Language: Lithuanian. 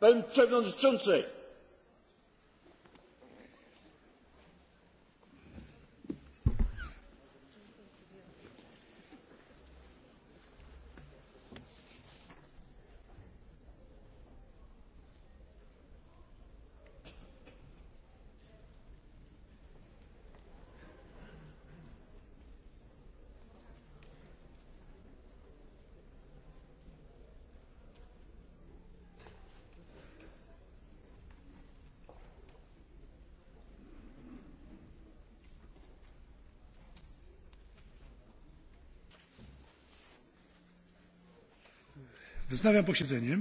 Pan Przewodniczący! wznawiam posiedzenie.